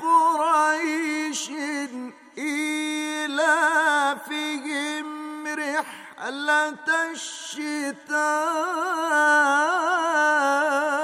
قريش فيهم رحلة الشتاء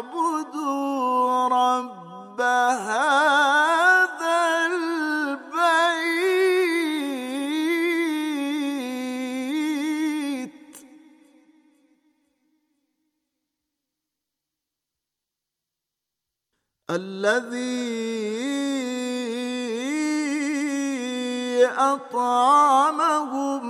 اعبدوا رب هذا البيت الذي أطعمهم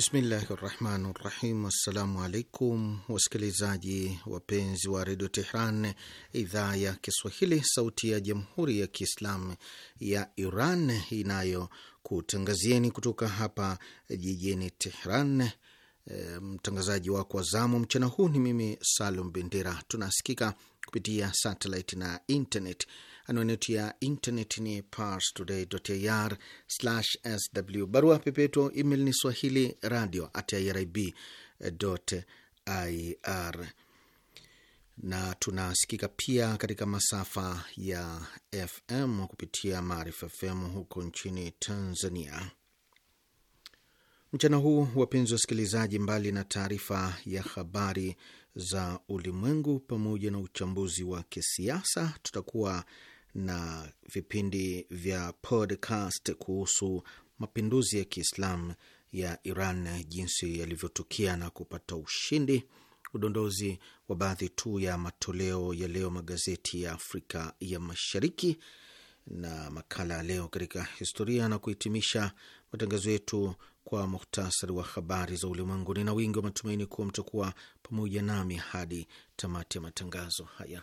Bismillahi rahmani rahim. Assalamu alaikum wasikilizaji wapenzi wa redio Tehran, idhaa ya Kiswahili, sauti ya jamhuri ya Kiislamu ya Iran inayokutangazieni kutoka hapa jijini Tehran. Eh, mtangazaji wako wa zamu mchana huu ni mimi Salum Bendera. Tunasikika kupitia satelit na internet. Anwani yetu ya intnet ni parstoday.ir/sw. Barua pepe yetu email ni swahili radio at irib.ir, na tunasikika pia katika masafa ya FM kupitia Maarifa FM huko nchini Tanzania. Mchana huu wapenzi wasikilizaji, mbali na taarifa ya habari za ulimwengu pamoja na uchambuzi wa kisiasa, tutakuwa na vipindi vya podcast kuhusu mapinduzi ya Kiislamu ya Iran, jinsi yalivyotukia na kupata ushindi, udondozi wa baadhi tu ya matoleo ya leo magazeti ya Afrika ya Mashariki na makala ya leo katika historia, na kuhitimisha matangazo yetu kwa muhtasari wa habari za ulimwengu. Nina wingi wa matumaini kuwa mtakuwa pamoja nami hadi tamati ya matangazo haya.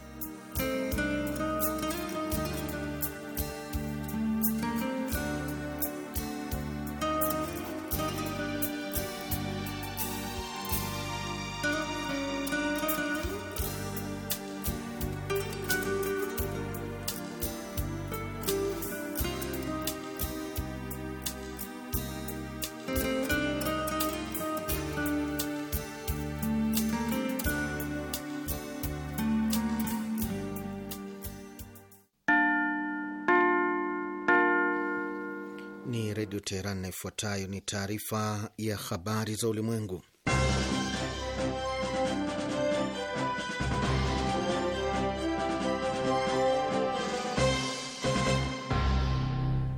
Ni Redio Teheran na ifuatayo ni taarifa ya habari za ulimwengu,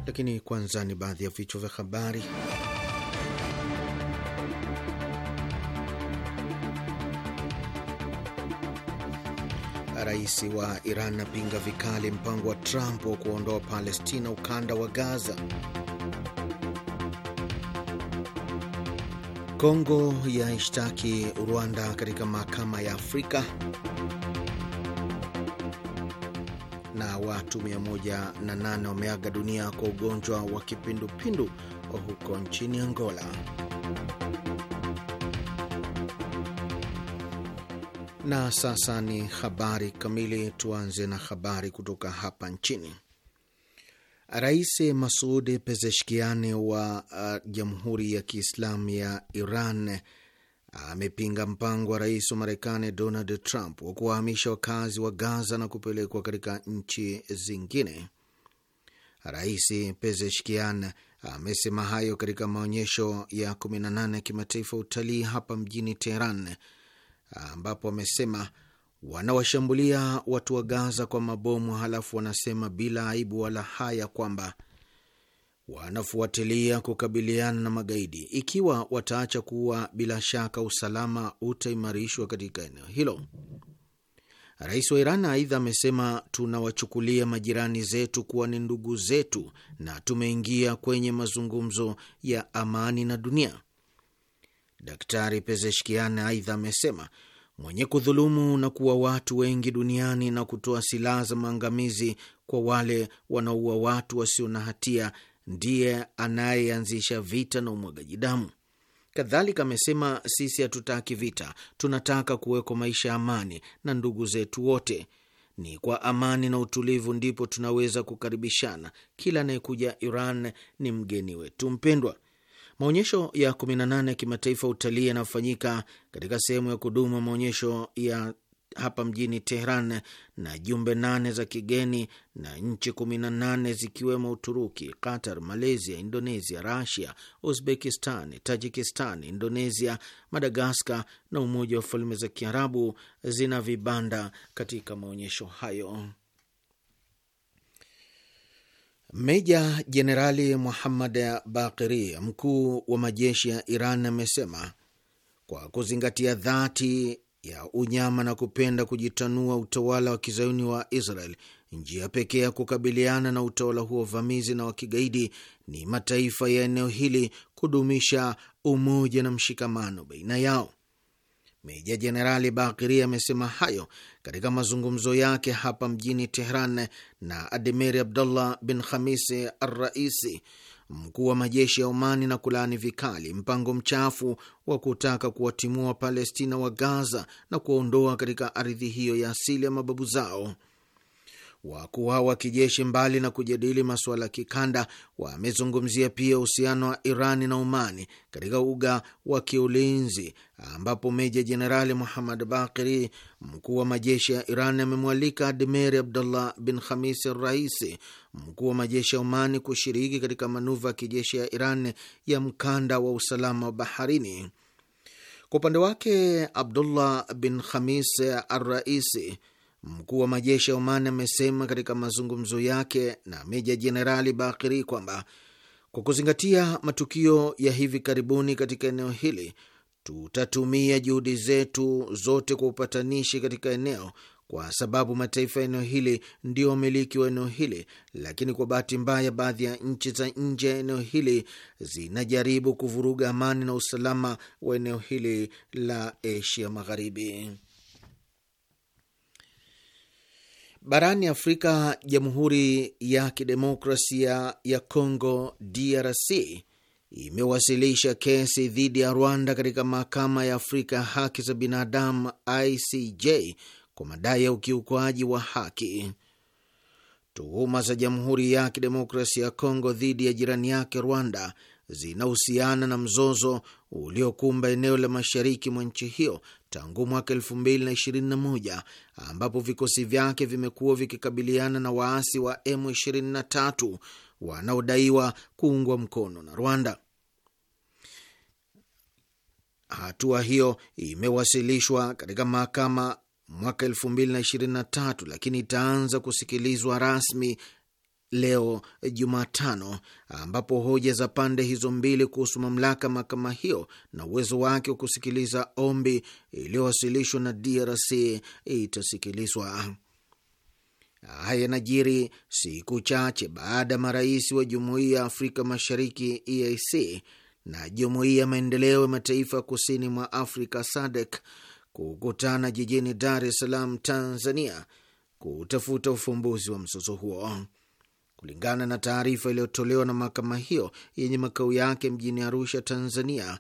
lakini kwanza ni baadhi ya vichwa vya habari. Rais wa Iran apinga vikali mpango wa Trump wa kuondoa Palestina ukanda wa Gaza. Kongo yaishtaki Rwanda katika mahakama ya Afrika na watu 108 wameaga dunia kwa ugonjwa wa kipindupindu huko nchini Angola. Na sasa ni habari kamili. Tuanze na habari kutoka hapa nchini. Rais Masud Pezeshkiani wa uh, Jamhuri ya Kiislamu ya Iran amepinga mpango wa rais wa Marekani Donald Trump wa kuwahamisha wakazi wa Gaza na kupelekwa katika nchi zingine. Rais Pezeshkian amesema hayo katika maonyesho ya 18 ya kimataifa utalii hapa mjini Teheran, ambapo amesema wanawashambulia watu wa Gaza kwa mabomu, halafu wanasema bila aibu wala haya kwamba wanafuatilia kukabiliana na magaidi. Ikiwa wataacha kuwa, bila shaka usalama utaimarishwa katika eneo hilo. Rais wa Iran aidha amesema tunawachukulia majirani zetu kuwa ni ndugu zetu na tumeingia kwenye mazungumzo ya amani na dunia. Daktari Pezeshkian aidha amesema mwenye kudhulumu na kuwa watu wengi duniani na kutoa silaha za maangamizi kwa wale wanaua watu wasio na hatia ndiye anayeanzisha vita na umwagaji damu. Kadhalika amesema sisi hatutaki vita, tunataka kuwekwa maisha ya amani na ndugu zetu wote. Ni kwa amani na utulivu ndipo tunaweza kukaribishana. Kila anayekuja Iran ni mgeni wetu mpendwa. Maonyesho ya 18 ya kimataifa utalii yanayofanyika katika sehemu ya kudumu maonyesho ya hapa mjini Tehran na jumbe nane za kigeni na nchi kumi na nane zikiwemo Uturuki, Qatar, Malaysia, Indonesia, Rasia, Uzbekistan, Tajikistan, Indonesia, Madagaskar na Umoja wa Falme za Kiarabu zina vibanda katika maonyesho hayo. Meja Jenerali Muhammad Bakiri, mkuu wa majeshi ya Iran, amesema kwa kuzingatia dhati ya unyama na kupenda kujitanua utawala wa kizayuni wa Israel, njia pekee ya kukabiliana na utawala huo vamizi na wa kigaidi ni mataifa ya eneo hili kudumisha umoja na mshikamano baina yao. Meja Jenerali Bakiri amesema hayo katika mazungumzo yake hapa mjini Tehran na Ademiri Abdullah bin Khamisi Arraisi, mkuu wa majeshi ya Omani, na kulaani vikali mpango mchafu wa kutaka kuwatimua Wapalestina wa Gaza na kuwaondoa katika ardhi hiyo ya asili ya mababu zao. Wakuu hao wa kijeshi, mbali na kujadili masuala ya kikanda, wamezungumzia pia uhusiano wa Irani na Umani katika uga wa kiulinzi, ambapo Meja Jenerali Muhammad Bakiri, mkuu wa majeshi ya Iran, amemwalika Admeri Abdullah bin Khamis Raisi, mkuu wa majeshi ya Umani, kushiriki katika manuva ya kijeshi ya Iran ya mkanda wa usalama wa baharini. Kwa upande wake Abdullah bin Khamis Arraisi Mkuu wa majeshi ya Oman amesema katika mazungumzo yake na meja jenerali Bakiri kwamba kwa kuzingatia matukio ya hivi karibuni katika eneo hili, tutatumia juhudi zetu zote kwa upatanishi katika eneo, kwa sababu mataifa ya eneo hili ndio wamiliki wa eneo hili, lakini kwa bahati mbaya, baadhi ya nchi za nje ya eneo hili zinajaribu kuvuruga amani na usalama wa eneo hili la Asia Magharibi. Barani Afrika, Jamhuri ya Kidemokrasia ya congo DRC imewasilisha kesi dhidi ya Rwanda katika Mahakama ya Afrika ya Haki za Binadamu ICJ kwa madai ya ukiukwaji wa haki. Tuhuma za Jamhuri ya Kidemokrasia ya congo dhidi ya jirani yake Rwanda zinahusiana na mzozo uliokumba eneo la mashariki mwa nchi hiyo tangu mwaka 2021 ambapo vikosi vyake vimekuwa vikikabiliana na waasi wa M23 wanaodaiwa kuungwa mkono na Rwanda. Hatua hiyo imewasilishwa katika mahakama mwaka 2023 lakini itaanza kusikilizwa rasmi leo Jumatano, ambapo hoja za pande hizo mbili kuhusu mamlaka mahakama hiyo na uwezo wake wa kusikiliza ombi iliyowasilishwa na DRC itasikilizwa. Haya yanajiri siku chache baada ya marais wa Jumuiya ya Afrika Mashariki EAC na Jumuiya ya Maendeleo ya Mataifa Kusini mwa Afrika SADC kukutana jijini Dar es Salaam, Tanzania, kutafuta ufumbuzi wa mzozo huo. Kulingana na taarifa iliyotolewa na mahakama hiyo yenye makao yake mjini Arusha, Tanzania,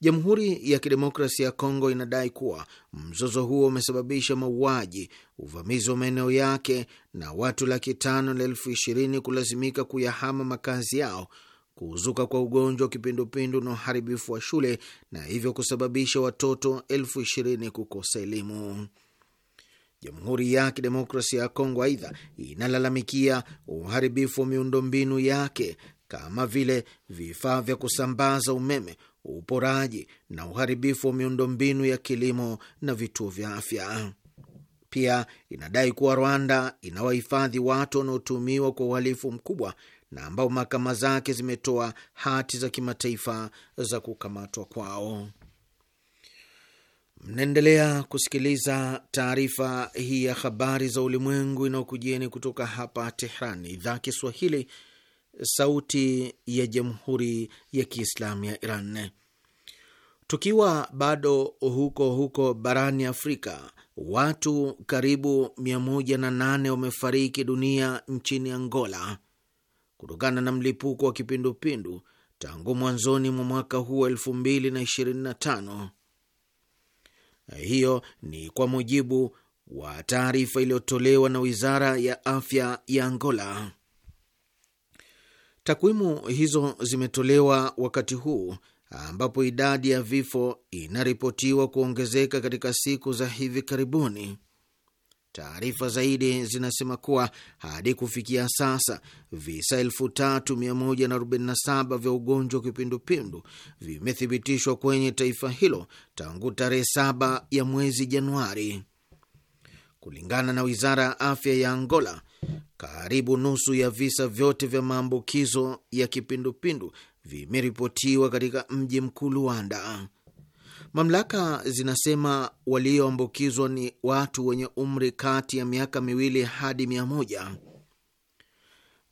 Jamhuri ya Kidemokrasia ya Kongo inadai kuwa mzozo huo umesababisha mauaji, uvamizi wa maeneo yake na watu laki tano na elfu ishirini kulazimika kuyahama makazi yao, kuzuka kwa ugonjwa wa kipindupindu na uharibifu wa shule na hivyo kusababisha watoto elfu ishirini kukosa elimu. Jamhuri ya Kidemokrasia ya Kongo aidha inalalamikia uharibifu wa miundombinu yake kama vile vifaa vya kusambaza umeme, uporaji na uharibifu wa miundombinu ya kilimo na vituo vya afya. Pia inadai kuwa Rwanda inawahifadhi watu wanaotumiwa kwa uhalifu mkubwa na ambao mahakama zake zimetoa hati za kimataifa za kukamatwa kwao. Mnaendelea kusikiliza taarifa hii ya habari za ulimwengu inayokujieni kutoka hapa Tehran, idhaa Kiswahili, sauti ya jamhuri ya kiislamu ya Iran. Tukiwa bado huko huko barani Afrika, watu karibu 108 wamefariki dunia nchini Angola kutokana na mlipuko wa kipindupindu tangu mwanzoni mwa mwaka huu 2025. Hiyo ni kwa mujibu wa taarifa iliyotolewa na wizara ya afya ya Angola. Takwimu hizo zimetolewa wakati huu ambapo idadi ya vifo inaripotiwa kuongezeka katika siku za hivi karibuni. Taarifa zaidi zinasema kuwa hadi kufikia sasa visa 3147 vya ugonjwa wa kipindupindu vimethibitishwa kwenye taifa hilo tangu tarehe sb ya mwezi Januari. Kulingana na wizara ya afya ya Angola, karibu nusu ya visa vyote vya maambukizo ya kipindupindu vimeripotiwa katika mji mkuu Luanda. Mamlaka zinasema walioambukizwa ni watu wenye umri kati ya miaka miwili hadi mia moja.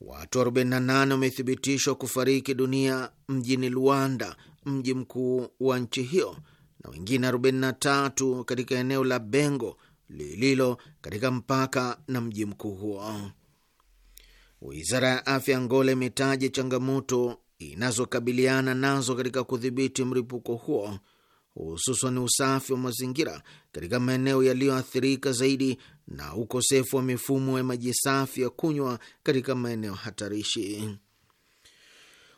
Watu 48 wamethibitishwa kufariki dunia mjini Luanda, mji mkuu wa nchi hiyo, na wengine 43 katika eneo la Bengo lililo katika mpaka na mji mkuu huo. Wizara ya afya Angola imetaja changamoto inazokabiliana nazo katika kudhibiti mlipuko huo hususan usafi wa mazingira katika maeneo yaliyoathirika zaidi na ukosefu wa mifumo ya maji safi ya kunywa katika maeneo hatarishi.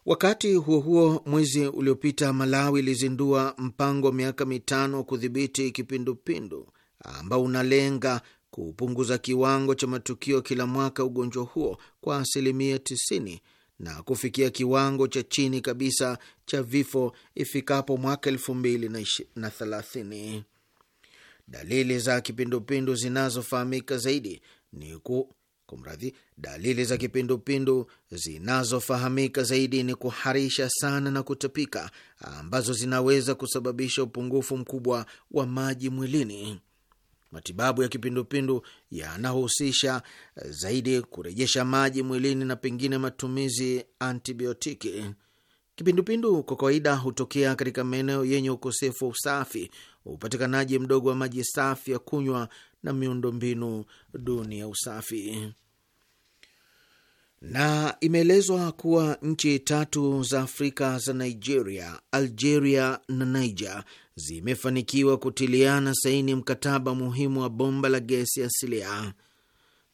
Wakati huo huo, mwezi uliopita Malawi ilizindua mpango wa miaka mitano wa kudhibiti kipindupindu ambao unalenga kupunguza kiwango cha matukio kila mwaka ugonjwa huo kwa asilimia 90 na kufikia kiwango cha chini kabisa cha vifo ifikapo mwaka elfu mbili na thelathini. Dalili za kipindupindu zinazofahamika zaidi ni ku kumradhi, dalili za kipindupindu zinazofahamika zaidi ni kuharisha sana na kutapika, ambazo zinaweza kusababisha upungufu mkubwa wa maji mwilini. Matibabu ya kipindupindu yanahusisha zaidi kurejesha maji mwilini na pengine matumizi antibiotiki. Kipindupindu kwa kawaida hutokea katika maeneo yenye ukosefu wa usafi, upatikanaji mdogo wa maji safi ya kunywa na miundombinu duni ya usafi na imeelezwa kuwa nchi tatu za Afrika za Nigeria, Algeria na Niger zimefanikiwa kutiliana saini mkataba muhimu wa bomba la gesi asilia.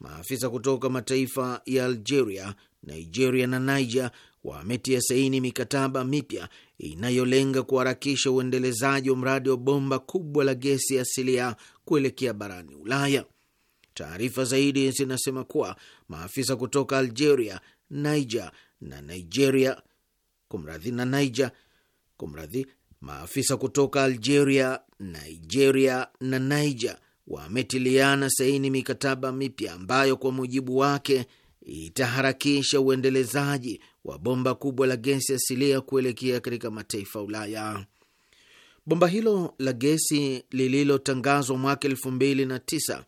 Maafisa kutoka mataifa ya Algeria, Nigeria na Niger wametia saini mikataba mipya inayolenga kuharakisha uendelezaji wa mradi wa bomba kubwa la gesi asilia kuelekea barani Ulaya. Taarifa zaidi zinasema kuwa maafisa kutoka Algeria, Niger na Nigeria, kumradhi, na Niger, kumradhi, maafisa kutoka Algeria, Nigeria na Niger wametiliana saini mikataba mipya ambayo kwa mujibu wake itaharakisha uendelezaji wa bomba kubwa la gesi asilia kuelekea katika mataifa Ulaya. Bomba hilo la gesi lililotangazwa mwaka elfu mbili na tisa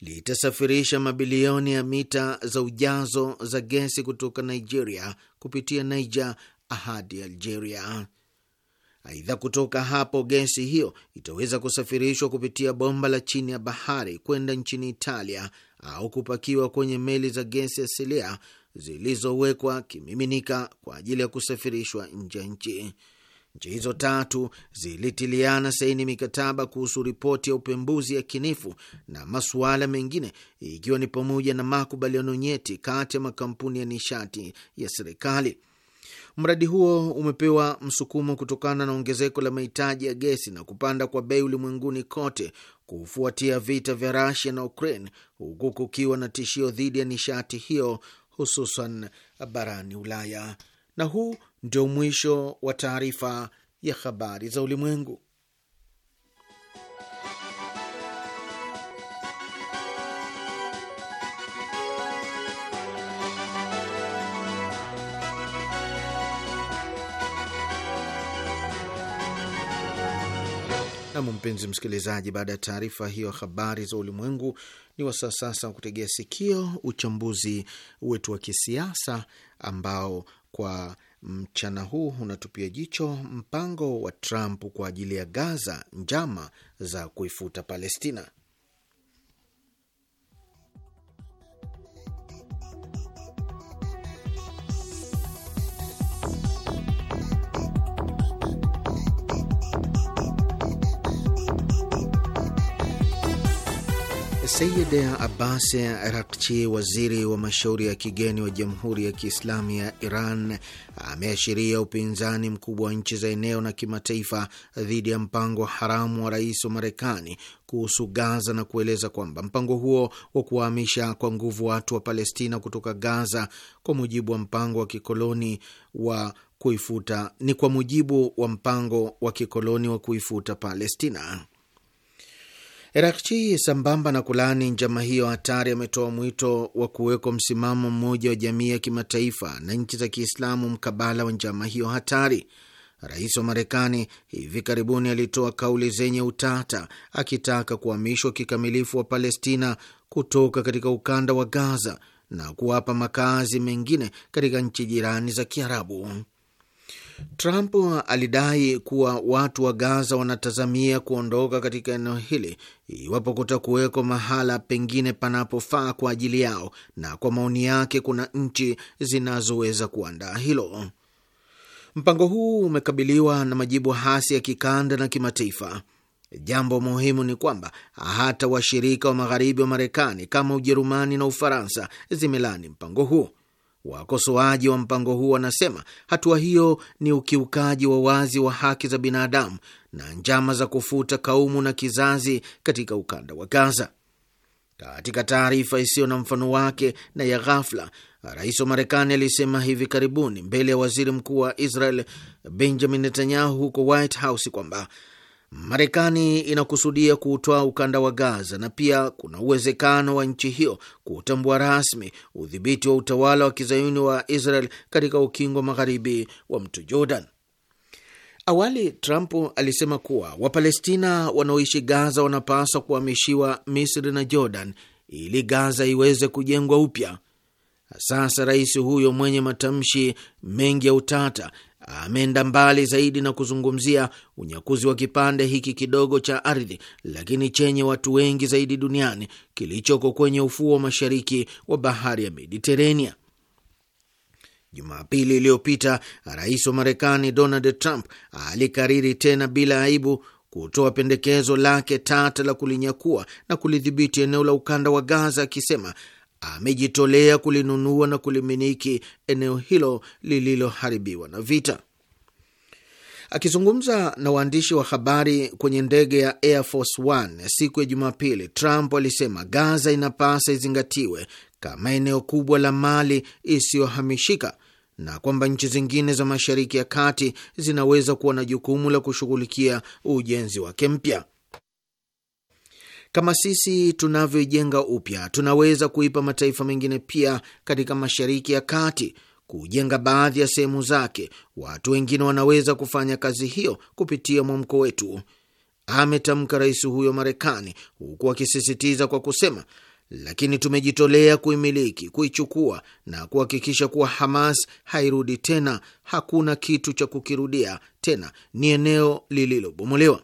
litasafirisha mabilioni ya mita za ujazo za gesi kutoka Nigeria kupitia Niger hadi Algeria. Aidha, kutoka hapo gesi hiyo itaweza kusafirishwa kupitia bomba la chini ya bahari kwenda nchini Italia au kupakiwa kwenye meli za gesi asilia zilizowekwa kimiminika kwa ajili ya kusafirishwa nje ya nchi. Nchi hizo tatu zilitiliana saini mikataba kuhusu ripoti ya upembuzi ya kinifu na masuala mengine, ikiwa ni pamoja na makubaliano nyeti kati ya makampuni ya nishati ya serikali. Mradi huo umepewa msukumo kutokana na ongezeko la mahitaji ya gesi na kupanda kwa bei ulimwenguni kote kufuatia vita vya Rusia na Ukraine, huku kukiwa na tishio dhidi ya nishati hiyo hususan barani Ulaya. Na huu ndio mwisho wa taarifa ya habari za ulimwengu. Nam, mpenzi msikilizaji, baada ya taarifa hiyo habari za ulimwengu, ni wasaa sasa wa kutegea sikio uchambuzi wetu wa kisiasa ambao kwa mchana huu unatupia jicho mpango wa Trump kwa ajili ya Gaza, njama za kuifuta Palestina. Sayid Abbas Rakchi, waziri wa mashauri ya kigeni wa Jamhuri ya Kiislamu ya Iran, ameashiria upinzani mkubwa wa nchi za eneo na kimataifa dhidi ya mpango haramu wa rais wa Marekani kuhusu Gaza na kueleza kwamba mpango huo wa kuwahamisha kwa nguvu watu wa Palestina kutoka Gaza kwa mujibu wa mpango wa kikoloni wa kuifuta ni kwa mujibu wa mpango wa kikoloni wa kuifuta Palestina. Rakchi sambamba na kulaani njama hiyo hatari, ametoa mwito wa kuwekwa msimamo mmoja wa jamii ya kimataifa na nchi za Kiislamu mkabala wa njama hiyo hatari. Rais wa Marekani hivi karibuni alitoa kauli zenye utata akitaka kuhamishwa kikamilifu wa Palestina kutoka katika ukanda wa Gaza na kuwapa makazi mengine katika nchi jirani za Kiarabu. Trump alidai kuwa watu wa Gaza wanatazamia kuondoka katika eneo hili iwapo kutakuweko mahala pengine panapofaa kwa ajili yao, na kwa maoni yake kuna nchi zinazoweza kuandaa hilo. Mpango huu umekabiliwa na majibu hasi ya kikanda na kimataifa. Jambo muhimu ni kwamba hata washirika wa magharibi wa Marekani kama Ujerumani na Ufaransa zimelani mpango huu. Wakosoaji wa mpango huo wanasema hatua hiyo ni ukiukaji wa wazi wa haki za binadamu na njama za kufuta kaumu na kizazi katika ukanda wa Gaza. Katika taarifa isiyo na mfano wake na ya ghafla, rais wa Marekani alisema hivi karibuni mbele ya waziri mkuu wa Israel Benjamin Netanyahu huko White House kwamba Marekani inakusudia kuutoa ukanda wa Gaza na pia kuna uwezekano wa nchi hiyo kuutambua rasmi udhibiti wa utawala wa kizayuni wa Israel katika ukingo magharibi wa mto Jordan. Awali Trump alisema kuwa Wapalestina wanaoishi Gaza wanapaswa kuhamishiwa Misri na Jordan ili Gaza iweze kujengwa upya. Sasa rais huyo mwenye matamshi mengi ya utata ameenda mbali zaidi na kuzungumzia unyakuzi wa kipande hiki kidogo cha ardhi, lakini chenye watu wengi zaidi duniani kilichoko kwenye ufuo wa mashariki wa bahari ya Mediterania. Jumapili iliyopita rais wa Marekani Donald Trump alikariri tena bila aibu kutoa pendekezo lake tata la kulinyakua na kulidhibiti eneo la ukanda wa Gaza, akisema amejitolea kulinunua na kulimiliki eneo hilo lililoharibiwa na vita. Akizungumza na waandishi wa habari kwenye ndege ya Air Force One siku ya Jumapili, Trump alisema Gaza inapasa izingatiwe kama eneo kubwa la mali isiyohamishika na kwamba nchi zingine za Mashariki ya Kati zinaweza kuwa na jukumu la kushughulikia ujenzi wake mpya. Kama sisi tunavyoijenga upya, tunaweza kuipa mataifa mengine pia katika Mashariki ya Kati kujenga baadhi ya sehemu zake. Watu wengine wanaweza kufanya kazi hiyo kupitia mwamko wetu, ametamka rais huyo Marekani, huku akisisitiza kwa kusema, lakini tumejitolea kuimiliki, kuichukua na kuhakikisha kuwa Hamas hairudi tena. Hakuna kitu cha kukirudia tena, ni eneo lililobomolewa.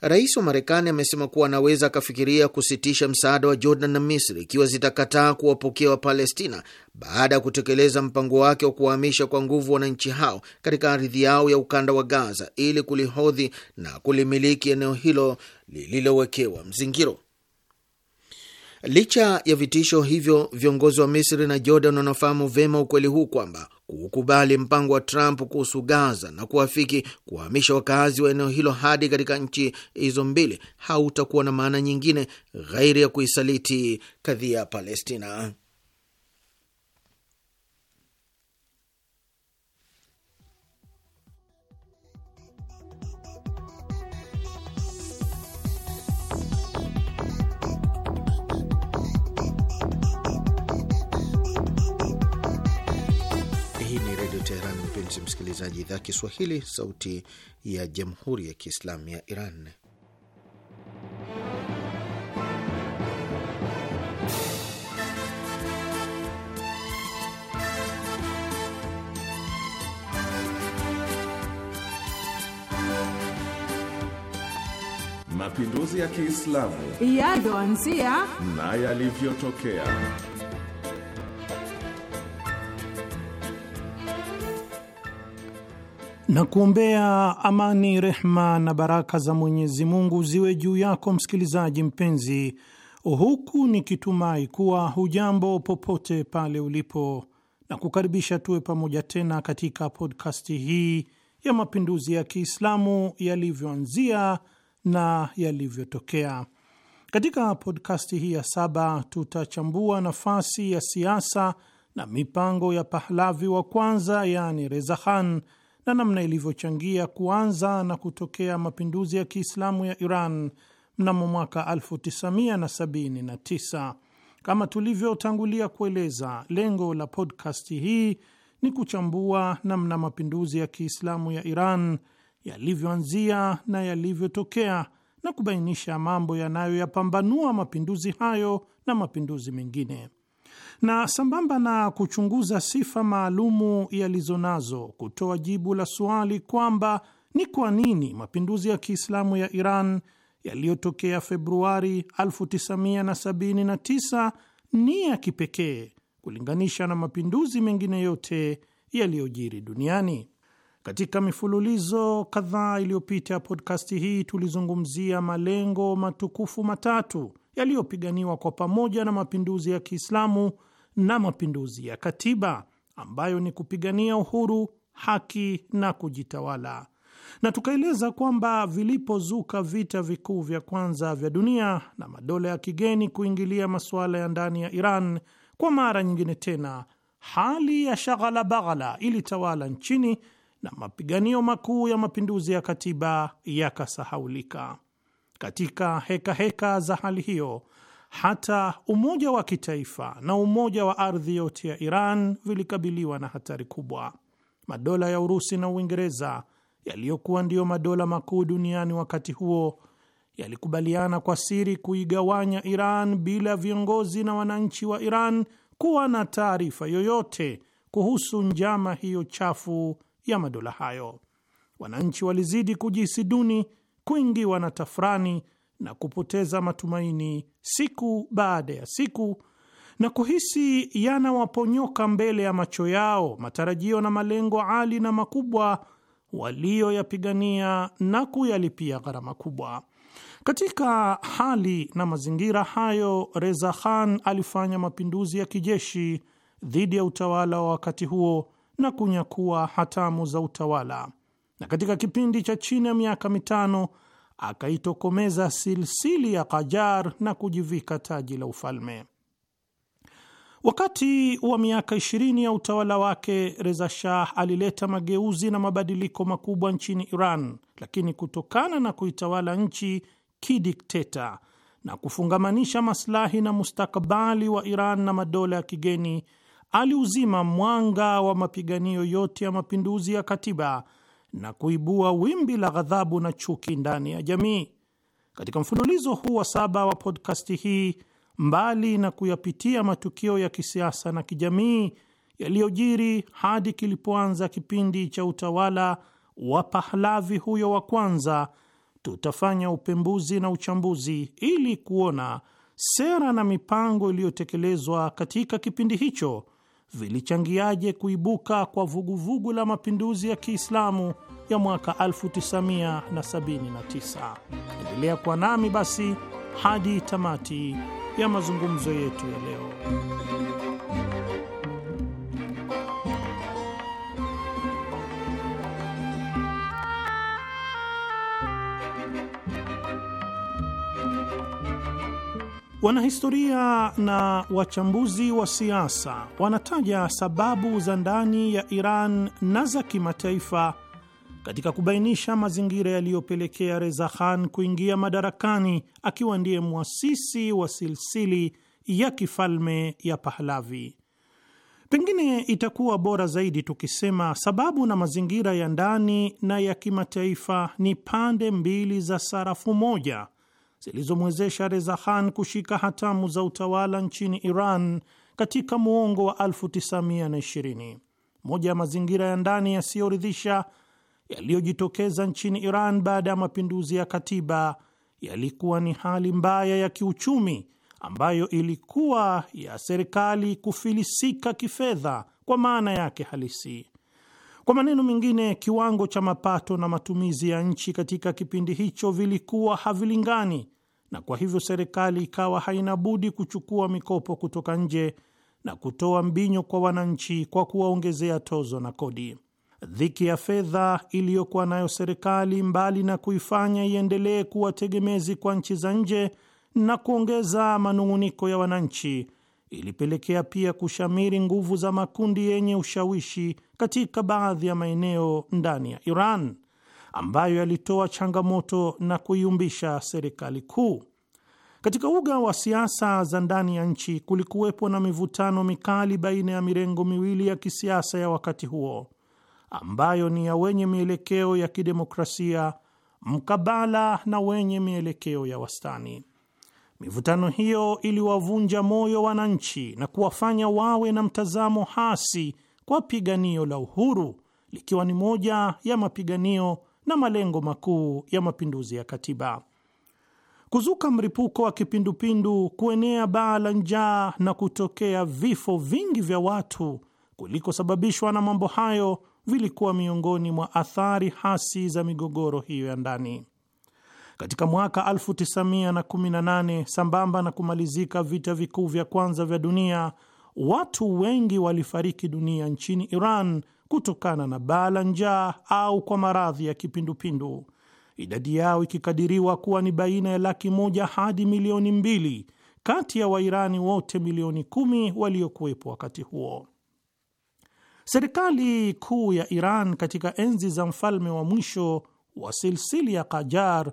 Rais wa Marekani amesema kuwa anaweza akafikiria kusitisha msaada wa Jordan na Misri ikiwa zitakataa kuwapokea Wapalestina baada ya kutekeleza mpango wake wa kuwahamisha kwa nguvu wananchi hao katika ardhi yao ya ukanda wa Gaza ili kulihodhi na kulimiliki eneo hilo lililowekewa mzingiro. Licha ya vitisho hivyo, viongozi wa Misri na Jordan wanafahamu vema ukweli huu kwamba kukubali mpango wa Trump kuhusu Gaza na kuafiki kuhamisha wakazi wa eneo hilo hadi katika nchi hizo mbili hautakuwa na maana nyingine ghairi ya kuisaliti kadhia Palestina. mpenzi msikilizaji, idhaa Kiswahili sauti ya jamhuri ya Kiislamu ya Iran. Mapinduzi ya Kiislamu yaliyoanzia na yalivyotokea na kuombea amani, rehma na baraka za Mwenyezi Mungu ziwe juu yako msikilizaji mpenzi, huku nikitumai kuwa hujambo popote pale ulipo, na kukaribisha tuwe pamoja tena katika podkasti hii ya mapinduzi ya Kiislamu yalivyoanzia na yalivyotokea. Katika podkasti hii ya saba tutachambua nafasi ya siasa na mipango ya Pahlavi wa kwanza, yaani Reza Khan na namna ilivyochangia kuanza na kutokea mapinduzi ya Kiislamu ya Iran mnamo mwaka 1979. Kama tulivyotangulia kueleza, lengo la podkasti hii ni kuchambua namna mapinduzi ya Kiislamu ya Iran yalivyoanzia na yalivyotokea na kubainisha mambo yanayoyapambanua mapinduzi hayo na mapinduzi mengine na sambamba na kuchunguza sifa maalumu yalizo nazo, kutoa jibu la suali kwamba ni kwa nini mapinduzi ya Kiislamu ya Iran yaliyotokea Februari 1979 ni ya kipekee kulinganisha na mapinduzi mengine yote yaliyojiri duniani. Katika mifululizo kadhaa iliyopita podkasti hii tulizungumzia malengo matukufu matatu yaliyopiganiwa kwa pamoja na mapinduzi ya Kiislamu na mapinduzi ya katiba ambayo ni kupigania uhuru, haki na kujitawala, na tukaeleza kwamba vilipozuka vita vikuu vya kwanza vya dunia na madola ya kigeni kuingilia masuala ya ndani ya Iran, kwa mara nyingine tena hali ya shaghala baghala ilitawala nchini na mapiganio makuu ya mapinduzi ya katiba yakasahaulika. Katika hekaheka heka za hali hiyo hata umoja wa kitaifa na umoja wa ardhi yote ya Iran vilikabiliwa na hatari kubwa. Madola ya Urusi na Uingereza yaliyokuwa ndiyo madola makuu duniani wakati huo yalikubaliana kwa siri kuigawanya Iran bila viongozi na wananchi wa Iran kuwa na taarifa yoyote kuhusu njama hiyo chafu ya madola hayo. Wananchi walizidi kujihisi duni, kuingiwa na tafrani na kupoteza matumaini siku baada ya siku na kuhisi yanawaponyoka mbele ya macho yao matarajio na malengo ali na makubwa waliyoyapigania na kuyalipia gharama kubwa. Katika hali na mazingira hayo, Reza Khan alifanya mapinduzi ya kijeshi dhidi ya utawala wa wakati huo na kunyakua hatamu za utawala, na katika kipindi cha chini ya miaka mitano akaitokomeza silsili ya Kajar na kujivika taji la ufalme. Wakati wa miaka ishirini ya utawala wake, Reza Shah alileta mageuzi na mabadiliko makubwa nchini Iran, lakini kutokana na kuitawala nchi kidikteta na kufungamanisha maslahi na mustakabali wa Iran na madola ya kigeni, aliuzima mwanga wa mapiganio yote ya mapinduzi ya katiba na kuibua wimbi la ghadhabu na chuki ndani ya jamii. Katika mfululizo huu wa saba wa podkasti hii, mbali na kuyapitia matukio ya kisiasa na kijamii yaliyojiri hadi kilipoanza kipindi cha utawala wa Pahlavi huyo wa kwanza, tutafanya upembuzi na uchambuzi ili kuona sera na mipango iliyotekelezwa katika kipindi hicho vilichangiaje kuibuka kwa vuguvugu vugu la mapinduzi ya Kiislamu ya mwaka 1979. Endelea kuwa nami basi hadi tamati ya mazungumzo yetu ya leo. Wanahistoria na wachambuzi wa siasa wanataja sababu za ndani ya Iran na za kimataifa katika kubainisha mazingira yaliyopelekea Reza Khan kuingia madarakani akiwa ndiye mwasisi wa silsili ya kifalme ya Pahlavi. Pengine itakuwa bora zaidi tukisema sababu na mazingira ya ndani na ya kimataifa ni pande mbili za sarafu moja zilizomwezesha Reza Khan kushika hatamu za utawala nchini Iran katika muongo wa 1920. Moja ya mazingira ya ndani yasiyoridhisha yaliyojitokeza nchini Iran baada ya mapinduzi ya katiba yalikuwa ni hali mbaya ya kiuchumi ambayo ilikuwa ya serikali kufilisika kifedha kwa maana yake halisi. Kwa maneno mengine, kiwango cha mapato na matumizi ya nchi katika kipindi hicho vilikuwa havilingani, na kwa hivyo serikali ikawa haina budi kuchukua mikopo kutoka nje na kutoa mbinyo kwa wananchi kwa kuwaongezea tozo na kodi. Dhiki ya fedha iliyokuwa nayo serikali, mbali na kuifanya iendelee kuwa tegemezi kwa nchi za nje na kuongeza manung'uniko ya wananchi ilipelekea pia kushamiri nguvu za makundi yenye ushawishi katika baadhi ya maeneo ndani ya Iran ambayo yalitoa changamoto na kuiumbisha serikali kuu. Katika uga wa siasa za ndani ya nchi kulikuwepo na mivutano mikali baina ya mirengo miwili ya kisiasa ya wakati huo ambayo ni ya wenye mielekeo ya kidemokrasia mkabala na wenye mielekeo ya wastani. Mivutano hiyo iliwavunja moyo wananchi na kuwafanya wawe na mtazamo hasi kwa piganio la uhuru, likiwa ni moja ya mapiganio na malengo makuu ya mapinduzi ya katiba. Kuzuka mripuko wa kipindupindu, kuenea baa la njaa na kutokea vifo vingi vya watu kulikosababishwa na mambo hayo vilikuwa miongoni mwa athari hasi za migogoro hiyo ya ndani. Katika mwaka 1918 sambamba na kumalizika vita vikuu vya kwanza vya dunia, watu wengi walifariki dunia nchini Iran kutokana na baa la njaa au kwa maradhi ya kipindupindu, idadi yao ikikadiriwa kuwa ni baina ya laki moja hadi milioni mbili kati ya Wairani wote milioni kumi waliokuwepo wakati huo. Serikali kuu ya Iran katika enzi za mfalme wa mwisho wa silsili ya Kajar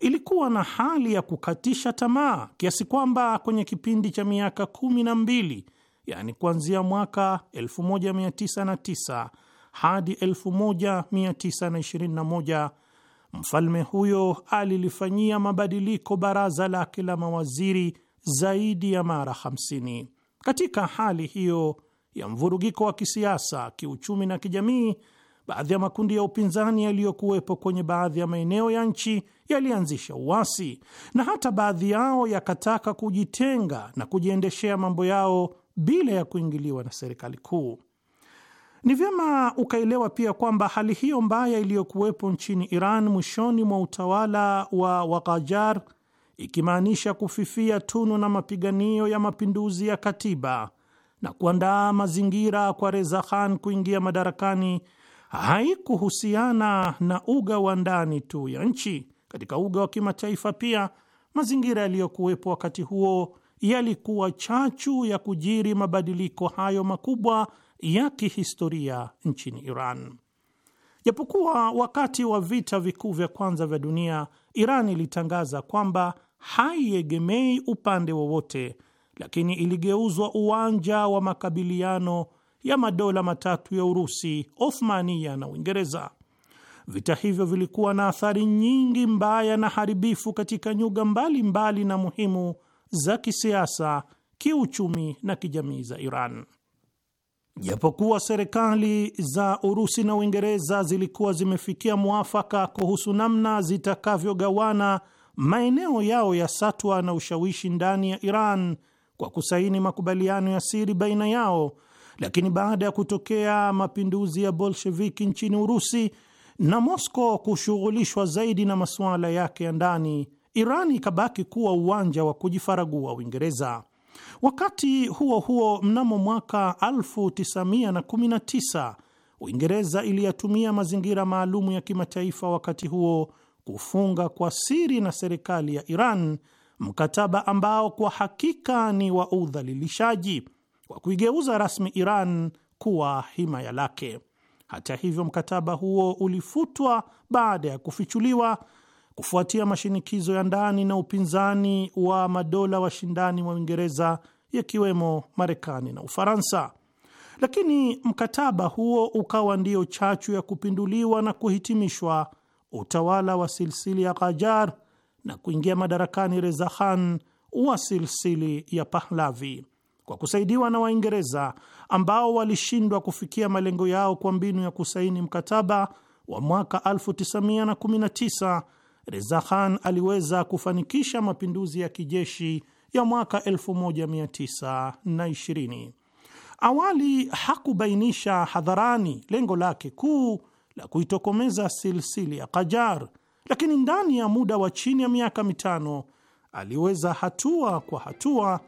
ilikuwa na hali ya kukatisha tamaa kiasi kwamba kwenye kipindi cha miaka kumi na mbili yaani kuanzia mwaka 1909 hadi 1921 mfalme huyo alilifanyia mabadiliko baraza lake la mawaziri zaidi ya mara 50. Katika hali hiyo ya mvurugiko wa kisiasa, kiuchumi na kijamii, baadhi ya makundi ya upinzani yaliyokuwepo kwenye baadhi ya maeneo ya nchi yalianzisha uasi na hata baadhi yao yakataka kujitenga na kujiendeshea mambo yao bila ya kuingiliwa na serikali kuu. Ni vyema ukaelewa pia kwamba hali hiyo mbaya iliyokuwepo nchini Iran mwishoni mwa utawala wa Wakajar, ikimaanisha kufifia tunu na mapiganio ya mapinduzi ya katiba na kuandaa mazingira kwa Reza Khan kuingia madarakani haikuhusiana na uga wa ndani tu ya nchi, katika uga wa kimataifa pia, mazingira yaliyokuwepo wakati huo yalikuwa chachu ya kujiri mabadiliko hayo makubwa ya kihistoria nchini Iran. Japokuwa wakati wa vita vikuu vya kwanza vya dunia Iran ilitangaza kwamba haiegemei upande wowote, lakini iligeuzwa uwanja wa makabiliano ya madola matatu ya Urusi, Othmania na Uingereza. Vita hivyo vilikuwa na athari nyingi mbaya na haribifu katika nyuga mbalimbali mbali na muhimu za kisiasa, kiuchumi na kijamii za Iran. Japokuwa serikali za Urusi na Uingereza zilikuwa zimefikia mwafaka kuhusu namna zitakavyogawana maeneo yao ya satwa na ushawishi ndani ya Iran kwa kusaini makubaliano ya siri baina yao, lakini baada ya kutokea mapinduzi ya Bolsheviki nchini Urusi na mosco kushughulishwa zaidi na masuala yake ya ndani, Iran ikabaki kuwa uwanja wa kujifaragua Uingereza. Wakati huo huo, mnamo mwaka 1919 Uingereza iliyatumia mazingira maalumu ya kimataifa wakati huo kufunga kwa siri na serikali ya Iran mkataba ambao kwa hakika ni wa udhalilishaji, kwa kuigeuza rasmi Iran kuwa himaya lake. Hata hivyo, mkataba huo ulifutwa baada ya kufichuliwa kufuatia mashinikizo ya ndani na upinzani wa madola washindani wa Uingereza wa yakiwemo Marekani na Ufaransa. Lakini mkataba huo ukawa ndio chachu ya kupinduliwa na kuhitimishwa utawala wa silsili ya ghajar na kuingia madarakani Reza Khan wa silsili ya Pahlavi kwa kusaidiwa na Waingereza ambao walishindwa kufikia malengo yao kwa mbinu ya kusaini mkataba wa mwaka 1919, Reza Khan aliweza kufanikisha mapinduzi ya kijeshi ya mwaka 1920. Awali hakubainisha hadharani lengo lake kuu la kuitokomeza silsili ya Qajar, lakini ndani ya muda wa chini ya miaka mitano aliweza hatua kwa hatua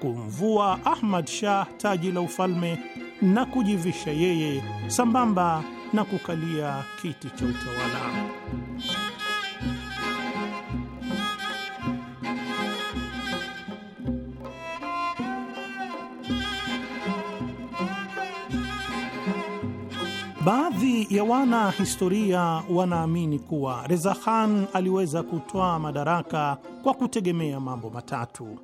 kumvua Ahmad Shah taji la ufalme na kujivisha yeye sambamba na kukalia kiti cha utawala. Baadhi ya wana historia wanaamini kuwa Reza Khan aliweza kutoa madaraka kwa kutegemea mambo matatu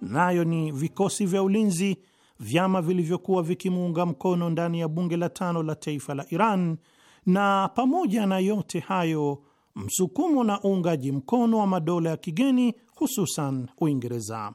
nayo ni vikosi vya ulinzi, vyama vilivyokuwa vikimuunga mkono ndani ya bunge la tano la taifa la Iran. Na pamoja na yote hayo, msukumo na uungaji mkono wa madola ya kigeni, hususan Uingereza.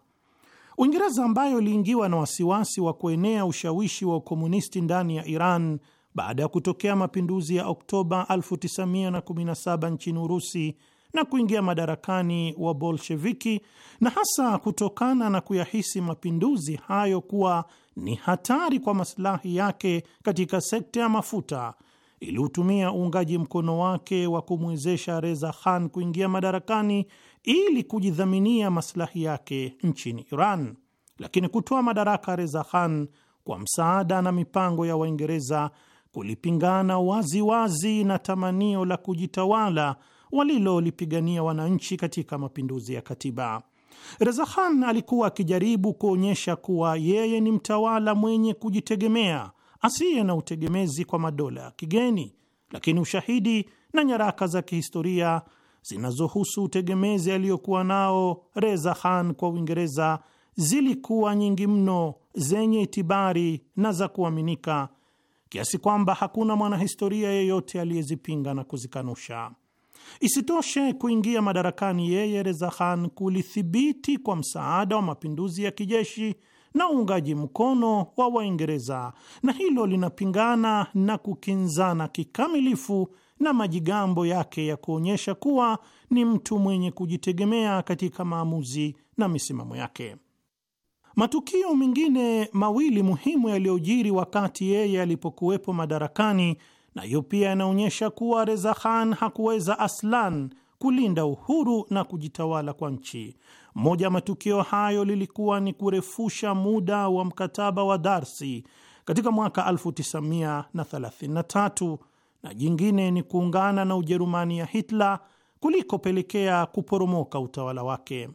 Uingereza ambayo iliingiwa na wasiwasi wa kuenea ushawishi wa ukomunisti ndani ya Iran baada ya kutokea mapinduzi ya Oktoba 1917 nchini Urusi na kuingia madarakani wa Bolsheviki, na hasa kutokana na kuyahisi mapinduzi hayo kuwa ni hatari kwa masilahi yake katika sekta ya mafuta, iliutumia uungaji mkono wake wa kumwezesha Reza Khan kuingia madarakani ili kujidhaminia masilahi yake nchini Iran. Lakini kutoa madaraka Reza Khan kwa msaada na mipango ya Waingereza kulipingana waziwazi wazi na tamanio la kujitawala walilolipigania wananchi katika mapinduzi ya katiba. Reza Khan alikuwa akijaribu kuonyesha kuwa yeye ni mtawala mwenye kujitegemea asiye na utegemezi kwa madola ya kigeni, lakini ushahidi na nyaraka za kihistoria zinazohusu utegemezi aliyokuwa nao Reza Khan kwa Uingereza zilikuwa nyingi mno, zenye itibari na za kuaminika kiasi kwamba hakuna mwanahistoria yeyote aliyezipinga na kuzikanusha. Isitoshe, kuingia madarakani yeye Reza Khan kulithibiti kwa msaada wa mapinduzi ya kijeshi na uungaji mkono wa Waingereza, na hilo linapingana na kukinzana kikamilifu na majigambo yake ya kuonyesha kuwa ni mtu mwenye kujitegemea katika maamuzi na misimamo yake. Matukio mengine mawili muhimu yaliyojiri wakati yeye alipokuwepo madarakani na hiyo pia inaonyesha kuwa Reza Khan hakuweza aslan kulinda uhuru na kujitawala kwa nchi. Moja ya matukio hayo lilikuwa ni kurefusha muda wa mkataba wa Darsi katika mwaka 1933 na jingine ni kuungana na Ujerumani ya Hitler kulikopelekea kuporomoka utawala wake.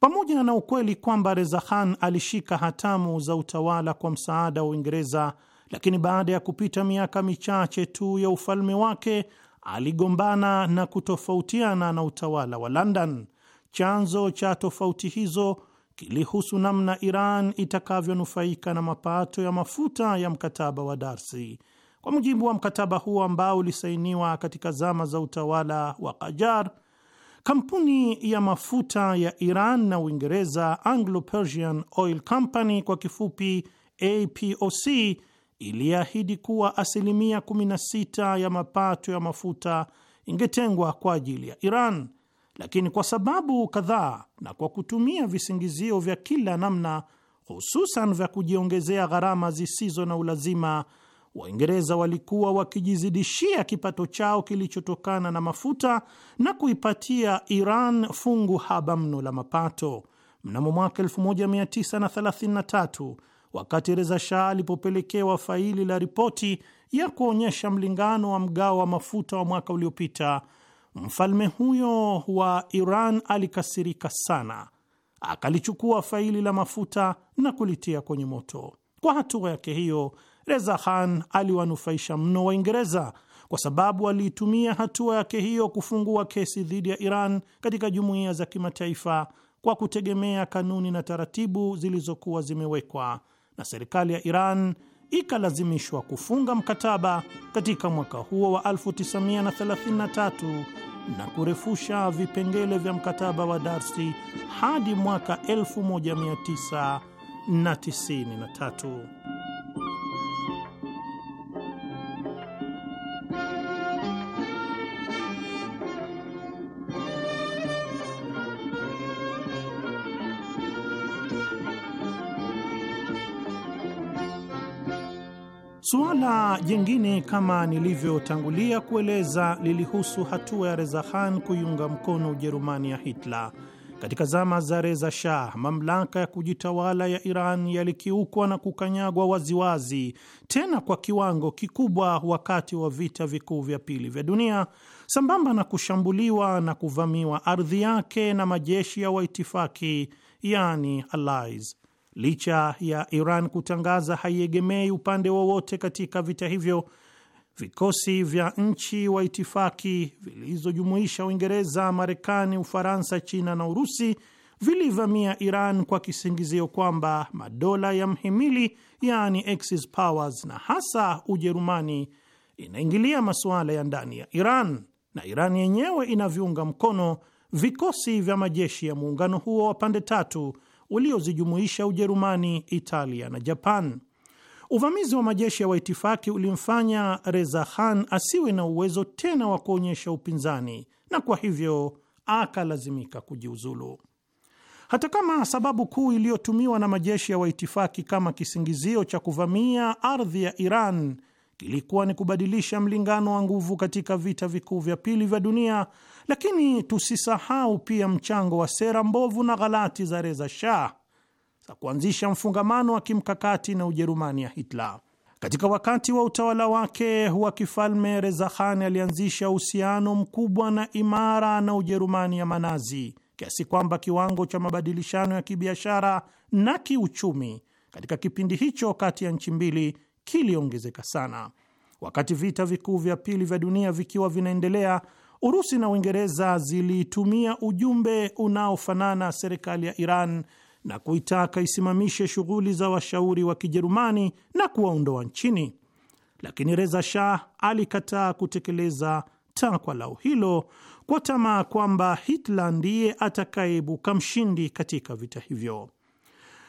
Pamoja na ukweli kwamba Reza Khan alishika hatamu za utawala kwa msaada wa Uingereza lakini baada ya kupita miaka michache tu ya ufalme wake aligombana na kutofautiana na utawala wa London. Chanzo cha tofauti hizo kilihusu namna Iran itakavyonufaika na mapato ya mafuta ya mkataba wa darsi Kwa mujibu wa mkataba huo ambao ulisainiwa katika zama za utawala wa Qajar, kampuni ya mafuta ya Iran na Uingereza, Anglo Persian Oil Company kwa kifupi APOC, iliahidi kuwa asilimia 16 ya mapato ya mafuta ingetengwa kwa ajili ya Iran, lakini kwa sababu kadhaa na kwa kutumia visingizio vya kila namna, hususan vya kujiongezea gharama zisizo na ulazima, Waingereza walikuwa wakijizidishia kipato chao kilichotokana na mafuta na kuipatia Iran fungu haba mno la mapato. Mnamo mwaka 1933 wakati Reza Shah alipopelekewa faili la ripoti ya kuonyesha mlingano wa mgao wa mafuta wa mwaka uliopita, mfalme huyo wa Iran alikasirika sana, akalichukua faili la mafuta na kulitia kwenye moto. Kwa hatua yake hiyo, Reza Khan aliwanufaisha mno Waingereza kwa sababu aliitumia hatua yake hiyo kufungua kesi dhidi ya Iran katika jumuiya za kimataifa kwa kutegemea kanuni na taratibu zilizokuwa zimewekwa na serikali ya Iran ikalazimishwa kufunga mkataba katika mwaka huo wa 1933 na kurefusha vipengele vya mkataba wa Darsi hadi mwaka 1993. Suala jingine kama nilivyotangulia kueleza lilihusu hatua ya Reza Khan kuiunga mkono Ujerumani ya Hitler. Katika zama za Reza Shah, mamlaka ya kujitawala ya Iran yalikiukwa na kukanyagwa waziwazi, tena kwa kiwango kikubwa, wakati wa vita vikuu vya pili vya dunia, sambamba na kushambuliwa na kuvamiwa ardhi yake na majeshi ya waitifaki, yani allies. Licha ya Iran kutangaza haiegemei upande wowote katika vita hivyo, vikosi vya nchi wa itifaki vilizojumuisha Uingereza, Marekani, Ufaransa, China na Urusi vilivamia Iran kwa kisingizio kwamba madola ya mhimili, yani Axis powers, na hasa Ujerumani inaingilia masuala ya ndani ya Iran na Iran yenyewe inaviunga mkono vikosi vya majeshi ya muungano huo wa pande tatu uliozijumuisha Ujerumani, Italia na Japan. Uvamizi wa majeshi ya waitifaki ulimfanya Reza Khan asiwe na uwezo tena wa kuonyesha upinzani na kwa hivyo akalazimika kujiuzulu. Hata kama sababu kuu iliyotumiwa na majeshi ya waitifaki kama kisingizio cha kuvamia ardhi ya Iran ilikuwa ni kubadilisha mlingano wa nguvu katika vita vikuu vya pili vya dunia, lakini tusisahau pia mchango wa sera mbovu na ghalati za Reza Shah za kuanzisha mfungamano wa kimkakati na Ujerumani ya Hitler. Katika wakati wa utawala wake wa kifalme, Reza Khan alianzisha uhusiano mkubwa na imara na Ujerumani ya Manazi, kiasi kwamba kiwango cha mabadilishano ya kibiashara na kiuchumi katika kipindi hicho kati ya nchi mbili kiliongezeka sana. Wakati vita vikuu vya pili vya dunia vikiwa vinaendelea, Urusi na Uingereza ziliitumia ujumbe unaofanana serikali ya Iran na kuitaka isimamishe shughuli za washauri wa Kijerumani na kuwaondoa nchini, lakini Reza Shah alikataa kutekeleza takwa lao hilo kwa tamaa kwamba Hitler ndiye atakayeibuka mshindi katika vita hivyo.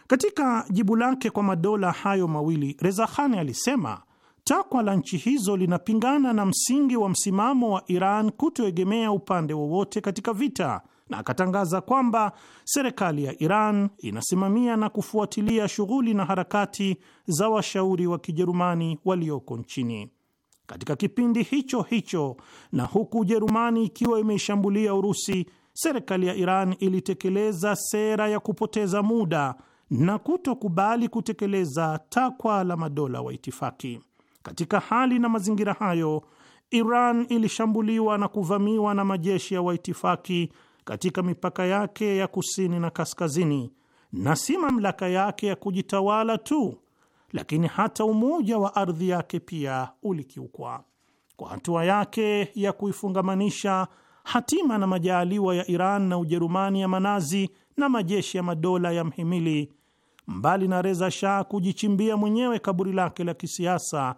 Katika jibu lake kwa madola hayo mawili, Reza Khan alisema takwa la nchi hizo linapingana na msingi wa msimamo wa Iran kutoegemea upande wowote katika vita, na akatangaza kwamba serikali ya Iran inasimamia na kufuatilia shughuli na harakati za washauri wa Kijerumani walioko nchini. Katika kipindi hicho hicho na huku Ujerumani ikiwa imeishambulia Urusi, serikali ya Iran ilitekeleza sera ya kupoteza muda na kutokubali kutekeleza takwa la madola wa itifaki. Katika hali na mazingira hayo, Iran ilishambuliwa na kuvamiwa na majeshi ya waitifaki katika mipaka yake ya kusini na kaskazini, na si mamlaka yake ya kujitawala tu, lakini hata umoja wa ardhi yake pia ulikiukwa. Kwa hatua yake ya kuifungamanisha hatima na majaaliwa ya Iran na Ujerumani ya manazi na majeshi ya madola ya mhimili mbali na Reza Shah kujichimbia mwenyewe kaburi lake la kisiasa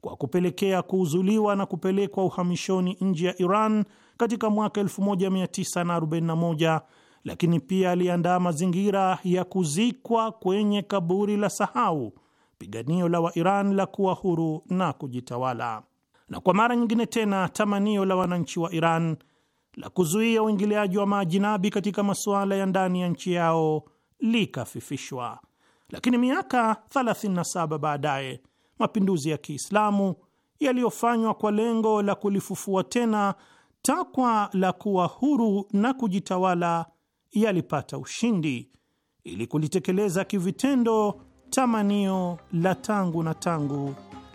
kwa kupelekea kuuzuliwa na kupelekwa uhamishoni nje ya Iran katika mwaka 1941, lakini pia aliandaa mazingira ya kuzikwa kwenye kaburi la sahau piganio la Wairan la kuwa huru na kujitawala, na kwa mara nyingine tena tamanio la wananchi wa Iran la kuzuia uingiliaji wa maajinabi katika masuala ya ndani ya nchi yao likafifishwa. Lakini miaka 37 baadaye mapinduzi ya Kiislamu yaliyofanywa kwa lengo la kulifufua tena takwa la kuwa huru na kujitawala yalipata ushindi ili kulitekeleza kivitendo tamanio la tangu na tangu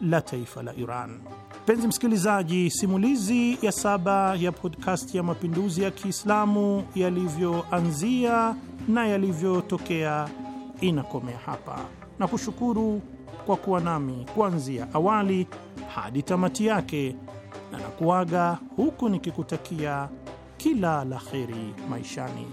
la taifa la Iran. Mpenzi msikilizaji, simulizi ya saba ya podcast ya mapinduzi ya Kiislamu yalivyoanzia na yalivyotokea inakomea hapa, na kushukuru kwa kuwa nami kuanzia awali hadi tamati yake, na nakuaga huku nikikutakia kila la kheri maishani.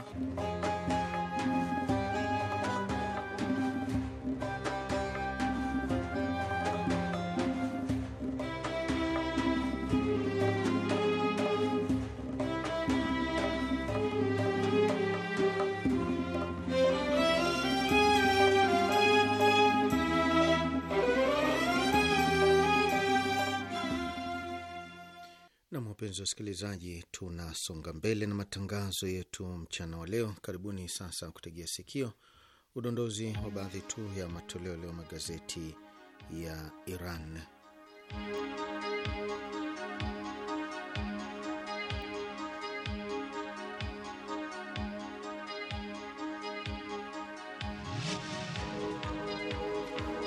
wapenzi wasikilizaji, tunasonga mbele na matangazo yetu mchana wa leo. Karibuni sasa kutegea sikio udondozi wa baadhi tu ya matoleo leo magazeti ya Iran.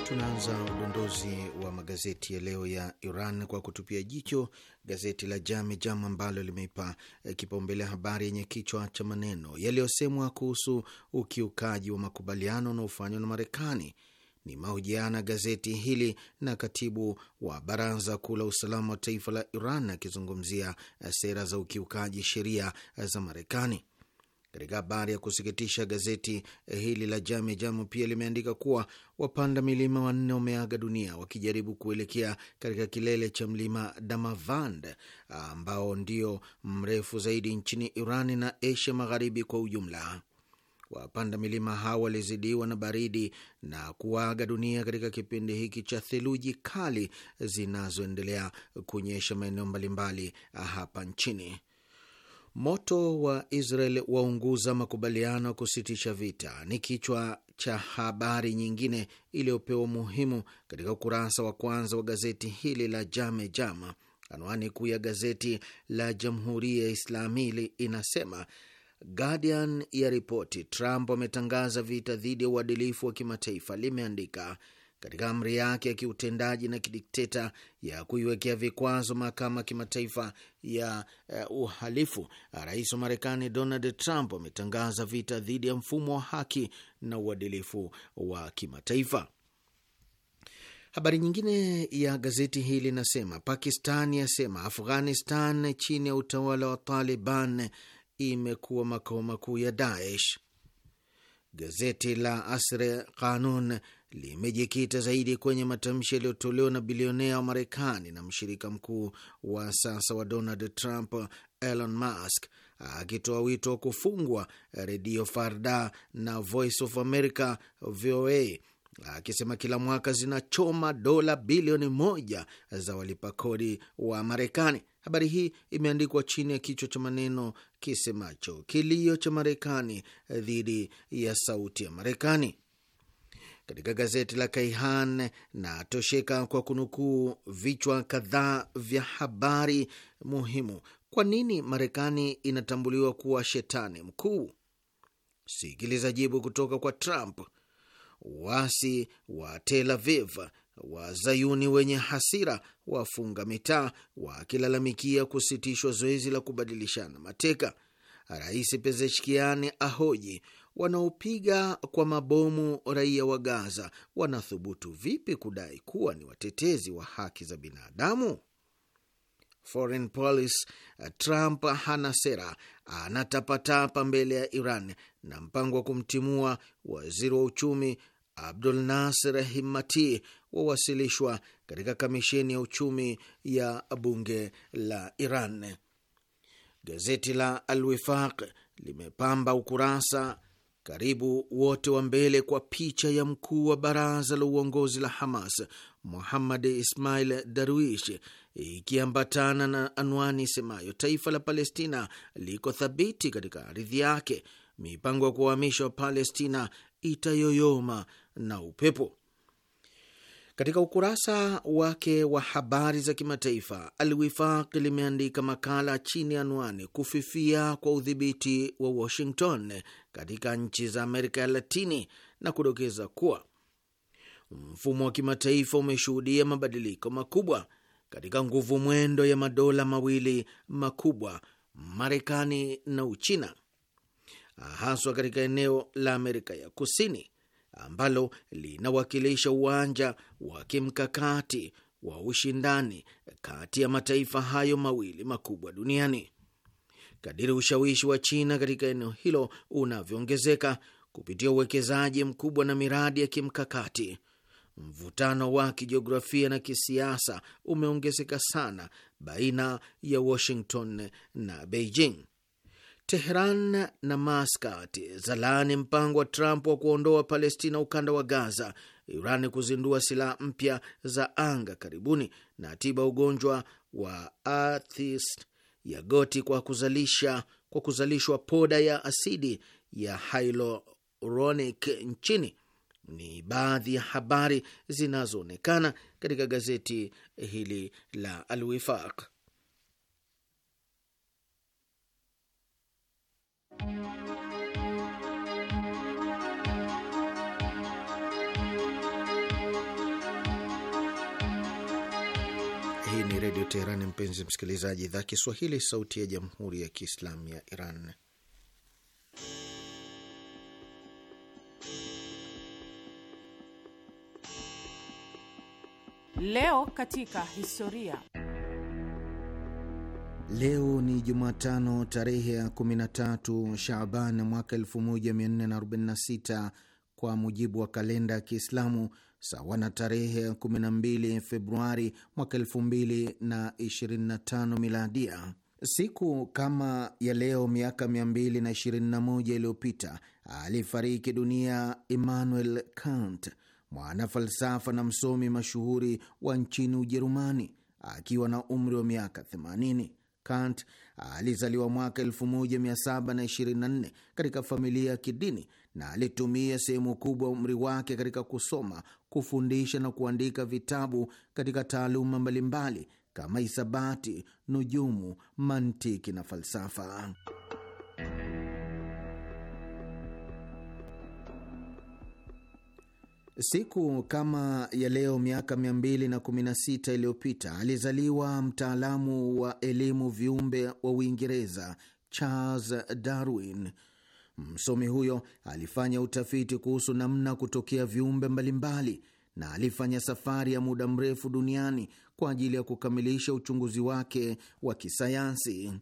Tunaanza udondozi wa magazeti ya leo ya Iran kwa kutupia jicho gazeti la Jame Jam ambalo limeipa eh, kipaumbele habari yenye kichwa cha maneno yaliyosemwa kuhusu ukiukaji wa makubaliano unaofanywa na Marekani. Ni mahojiana gazeti hili na katibu wa baraza kuu la usalama wa taifa la Iran akizungumzia eh, sera za ukiukaji sheria eh, za Marekani. Katika habari ya kusikitisha, gazeti eh, hili la Jame Jamu pia limeandika kuwa wapanda milima wanne wameaga dunia wakijaribu kuelekea katika kilele cha mlima Damavand ah, ambao ndio mrefu zaidi nchini Irani na Asia Magharibi kwa ujumla. Wapanda milima hao walizidiwa na baridi na kuaga dunia katika kipindi hiki cha theluji kali zinazoendelea kunyesha maeneo mbalimbali ah, hapa nchini. Moto wa Israel waunguza makubaliano ya kusitisha vita ni kichwa cha habari nyingine iliyopewa umuhimu katika ukurasa wa kwanza wa gazeti hili la Jame Jama. Anwani kuu ya gazeti la Jamhuri ya Islamili inasema Guardian ya ripoti Trump ametangaza vita dhidi ya uadilifu wa kimataifa. Limeandika katika amri yake ya kiutendaji na kidikteta ya kuiwekea vikwazo mahakama ya kimataifa ya uh, uhalifu, rais wa Marekani Donald Trump ametangaza vita dhidi ya mfumo wa haki na uadilifu wa kimataifa. Habari nyingine ya gazeti hili inasema Pakistan yasema Afghanistan chini ya utawala wa Taliban imekuwa makao makuu ya Daesh. Gazeti la Asre Kanun limejikita zaidi kwenye matamshi yaliyotolewa na bilionea wa Marekani na mshirika mkuu wa sasa wa Donald Trump, Elon Musk, akitoa wito wa kufungwa redio Farda na Voice of America, VOA, akisema kila mwaka zinachoma dola bilioni moja za walipa kodi wa Marekani. Habari hii imeandikwa chini ya kichwa cha maneno kisemacho kilio cha Marekani dhidi ya sauti ya Marekani katika gazeti la Kaihan na tosheka kwa kunukuu vichwa kadhaa vya habari muhimu. Kwa nini Marekani inatambuliwa kuwa shetani mkuu? Sikiliza jibu kutoka kwa Trump. wasi wa Tel Aviv zayuni wenye hasira wafunga mitaa wakilalamikia kusitishwa zoezi la kubadilishana mateka. Rais Pezeshkiani ahoji wanaopiga kwa mabomu raia wa Gaza wanathubutu vipi kudai kuwa ni watetezi wa haki za binadamu? Foreign Policy, eh, Trump hana sera, anatapatapa mbele ya Iran na mpango wa kumtimua waziri wa uchumi Abdul nasr Himmati wawasilishwa katika kamisheni ya uchumi ya bunge la Iran. Gazeti la Alwifaq limepamba ukurasa karibu wote wa mbele kwa picha ya mkuu wa baraza la uongozi la Hamas Muhammad Ismail Darwish, ikiambatana na anwani isemayo taifa la Palestina liko thabiti katika ardhi yake, mipango ya kuwahamisha wa Palestina itayoyoma na upepo. Katika ukurasa wake wa habari za kimataifa Alwifaq limeandika makala chini ya anwani kufifia kwa udhibiti wa Washington katika nchi za Amerika ya Latini na kudokeza kuwa mfumo wa kimataifa umeshuhudia mabadiliko makubwa katika nguvu mwendo ya madola mawili makubwa, Marekani na Uchina, haswa katika eneo la Amerika ya Kusini ambalo linawakilisha uwanja wa kimkakati wa ushindani kati ya mataifa hayo mawili makubwa duniani kadiri ushawishi wa China katika eneo hilo unavyoongezeka kupitia uwekezaji mkubwa na miradi ya kimkakati. Mvutano wa kijiografia na kisiasa umeongezeka sana baina ya Washington na Beijing. Teheran na Maskat zalaani mpango wa Trump wa kuondoa Palestina ukanda wa Gaza, Iran kuzindua silaha mpya za anga karibuni, na tiba ugonjwa wa athis ya goti kwa kuzalisha kwa kuzalishwa poda ya asidi ya hyaluronic nchini ni baadhi ya habari zinazoonekana katika gazeti hili la Alwifaq. Hii ni Redio Teheran, mpenzi msikilizaji, idhaa Kiswahili, sauti ya jamhuri ya kiislamu ya Iran. Leo katika historia. Leo ni Jumatano tarehe ya 13 Shaban mwaka 1446 kwa mujibu wa kalenda ya Kiislamu sawa na tarehe 12 Februari mwaka 2025 miladia. Siku kama ya leo miaka 221 iliyopita alifariki dunia Immanuel Kant, mwana falsafa na msomi mashuhuri wa nchini Ujerumani akiwa na umri wa miaka 80. Kant alizaliwa mwaka 1724 katika familia ya kidini na alitumia sehemu kubwa umri wake katika kusoma, kufundisha na kuandika vitabu katika taaluma mbalimbali kama hisabati, nujumu, mantiki na falsafa. Siku kama ya leo miaka 216 iliyopita alizaliwa mtaalamu wa elimu viumbe wa Uingereza Charles Darwin. Msomi huyo alifanya utafiti kuhusu namna kutokea viumbe mbalimbali na alifanya safari ya muda mrefu duniani kwa ajili ya kukamilisha uchunguzi wake wa kisayansi.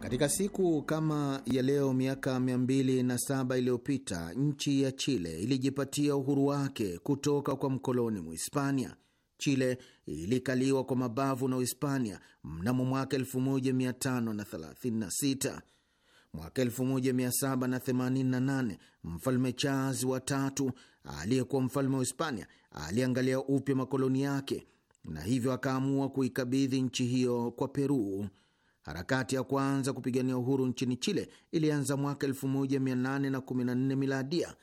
Katika siku kama ya leo miaka 207 iliyopita nchi ya Chile ilijipatia uhuru wake kutoka kwa mkoloni Muhispania. Chile ilikaliwa kwa mabavu na Uhispania mnamo mwaka 1536. Mwaka 1788 mfalme Charles wa tatu aliyekuwa mfalme wa Hispania aliangalia upya makoloni yake na hivyo akaamua kuikabidhi nchi hiyo kwa Peru. Harakati ya kwanza kupigania uhuru nchini Chile ilianza mwaka 1814 miladia.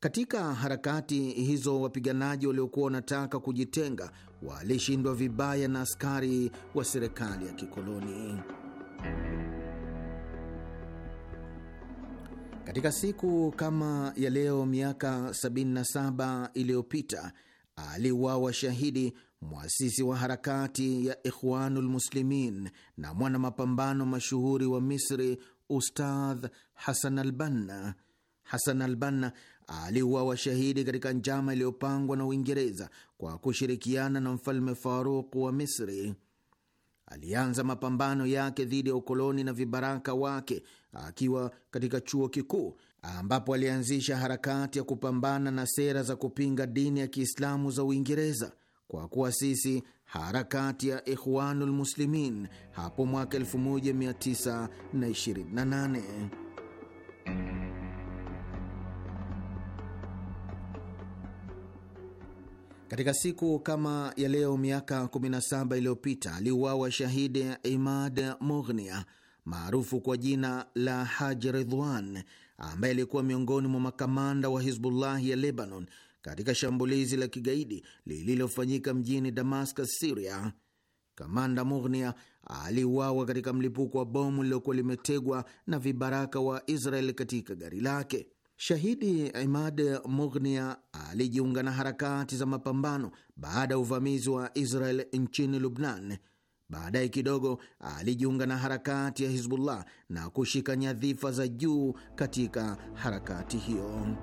Katika harakati hizo wapiganaji waliokuwa wanataka kujitenga walishindwa vibaya na askari wa serikali ya kikoloni. Katika siku kama ya leo miaka 77 iliyopita aliuawa shahidi mwasisi wa harakati ya Ikhwanul Muslimin na mwana mapambano mashuhuri wa Misri, Ustadh Hasan Albanna. Hasan Albanna aliuawa shahidi katika njama iliyopangwa na Uingereza kwa kushirikiana na mfalme faruq wa Misri. Alianza mapambano yake dhidi ya ukoloni na vibaraka wake akiwa katika chuo kikuu ambapo alianzisha harakati ya kupambana na sera za kupinga dini ya Kiislamu za Uingereza kwa kuasisi harakati ya Ikhwanul Muslimin hapo mwaka 1928. Katika siku kama ya leo miaka 17 iliyopita aliuawa shahidi Imad Mughnia maarufu kwa jina la Haji Ridwan ambaye alikuwa miongoni mwa makamanda wa Hizbullahi ya Lebanon katika shambulizi la kigaidi lililofanyika mjini Damascus, syria Kamanda Mughnia aliuawa katika mlipuko wa bomu lililokuwa limetegwa na vibaraka wa Israel katika gari lake. Shahidi Imad Mughnia alijiunga na harakati za mapambano baada ya uvamizi wa Israel nchini Lubnan. Baadaye kidogo alijiunga na harakati ya Hizbullah na kushika nyadhifa za juu katika harakati hiyo.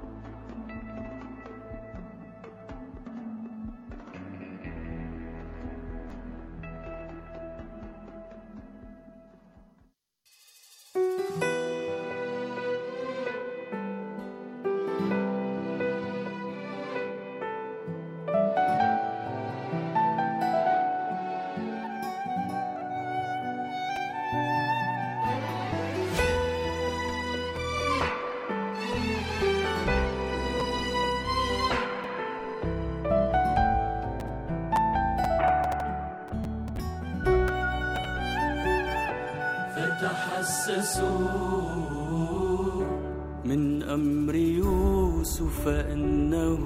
فتحسسوا من أمر يوسف أنه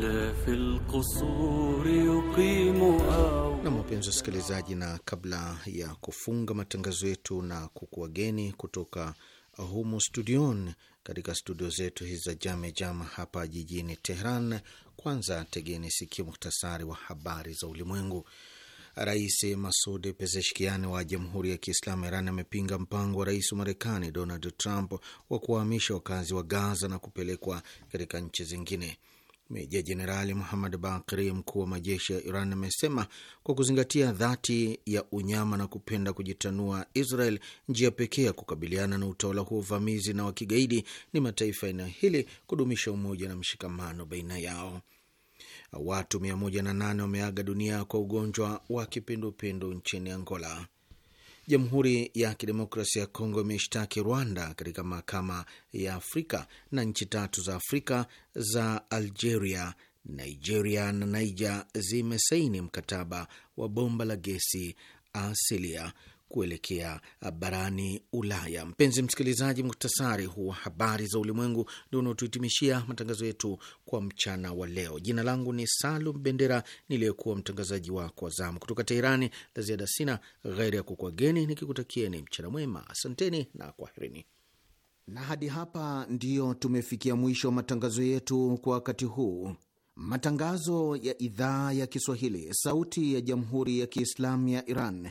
la fil qusuri yuqimuha na wapenzi wasikilizaji, na kabla ya kufunga matangazo yetu na kukuwageni kutoka humu studioni katika studio zetu hizi za Jame jama hapa jijini Tehran, kwanza tegeni sikio muhtasari wa habari za ulimwengu. Rais Masud Pezeshkian wa Jamhuri ya Kiislamu Iran amepinga mpango wa rais wa Marekani Donald Trump wa kuwahamisha wakazi wa Gaza na kupelekwa katika nchi zingine. Meja Jenerali Muhamad Bakri, mkuu wa majeshi ya Iran, amesema kwa kuzingatia dhati ya unyama na kupenda kujitanua Israel, njia pekee ya kukabiliana na utawala huo uvamizi na wa kigaidi ni mataifa eneo hili kudumisha umoja na mshikamano baina yao watu 108 wameaga dunia kwa ugonjwa wa kipindupindu nchini Angola. Jamhuri ya Kidemokrasia ya Kongo imeshtaki Rwanda katika mahakama ya Afrika na nchi tatu za Afrika za Algeria, Nigeria na Niger zimesaini mkataba wa bomba la gesi asilia kuelekea uh, barani Ulaya. Mpenzi msikilizaji, muktasari huu wa habari za ulimwengu ndio unaotuhitimishia matangazo yetu kwa mchana wa leo. Jina langu ni Salum Bendera, niliyekuwa mtangazaji wako wa zamu kutoka Teherani. La ziada sina ghairi ya kukwageni nikikutakieni mchana mwema. Asanteni na kwaherini. Na hadi hapa ndiyo tumefikia mwisho wa matangazo yetu kwa wakati huu. Matangazo ya idhaa ya Kiswahili, sauti ya jamhuri ya kiislamu ya Iran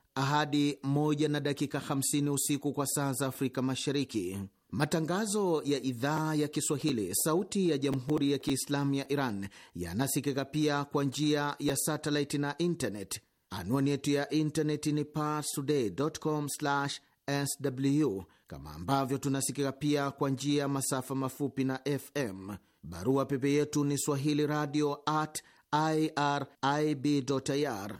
ahadi moja na dakika 50 usiku kwa saa za Afrika Mashariki. Matangazo ya idhaa ya Kiswahili sauti ya Jamhuri ya Kiislamu ya Iran yanasikika pia kwa njia ya satellite na internet. Anwani yetu ya internet ni parstoday.com/sw, kama ambavyo tunasikika pia kwa njia ya masafa mafupi na FM. Barua pepe yetu ni swahili radio at irib.ir